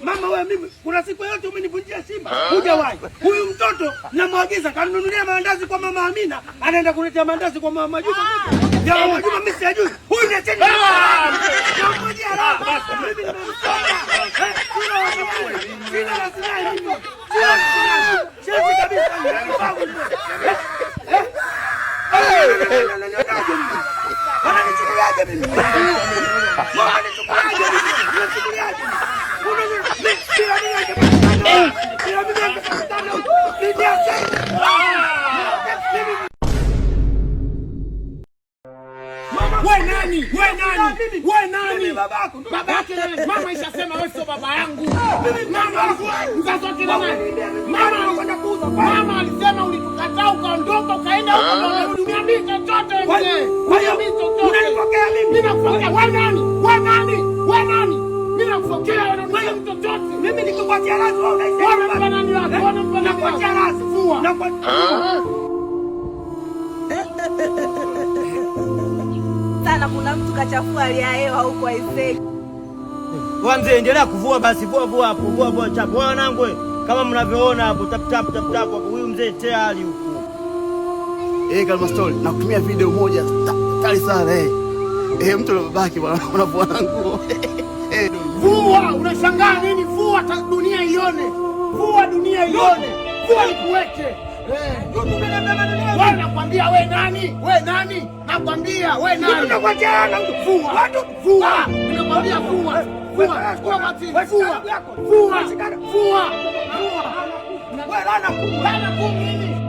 Mama wewe, mimi kuna siku yote umenivunjia Simba, ah. hujawahi huyu mtoto namwagiza kanunulia maandazi kwa mama Amina, anaenda kuletea maandazi kwa mama Juma. Ah, mimi sijui huyu wewe nani? Wewe nani? Wewe nani? Babako. Babake na mama ishasema wewe sio baba yangu. Mama mzazi wake nani? Mama anakwenda kuuza. Mama alisema ulitukataa ukaondoka ukaenda huko ndio unahudumia mimi chochote wewe. Kwa hiyo unanipokea mimi. Ninakupokea wewe nani? Wewe nani? Wewe nani? Ninakupokea wewe mtu chochote. Mimi niko kwa kiarazi wewe unaisema. Wewe nani wako? Eh? Wewe nani wako? Nakuachia razi. Fua. Nakuachia. Ah? sana, kuna mtu kachafua hali ya hewa huko aisee. Mzee, endelea kuvua basi, vua vua hapo, vua vua chapo wanangu, kama mnavyoona hapo, tap tap tap tap hapo. Huyu mzee tea hali huko eh, kama story na kutumia video moja kali sana eh, eh, mtu na babake bwana, unavua wanangu eh, vua. Unashangaa nini? Vua dunia ione, vua dunia ione, vua ikuweke wewe nakwambia wewe nani? Wewe nani? Nakwambia wewe nani? Fua. Watu fua. Ah, nakwambia fua. Eh, fua. Eh, eh, fua. Fua. Fua. Fua. Fua. Wewe lana kumu. Lana kumu mimi.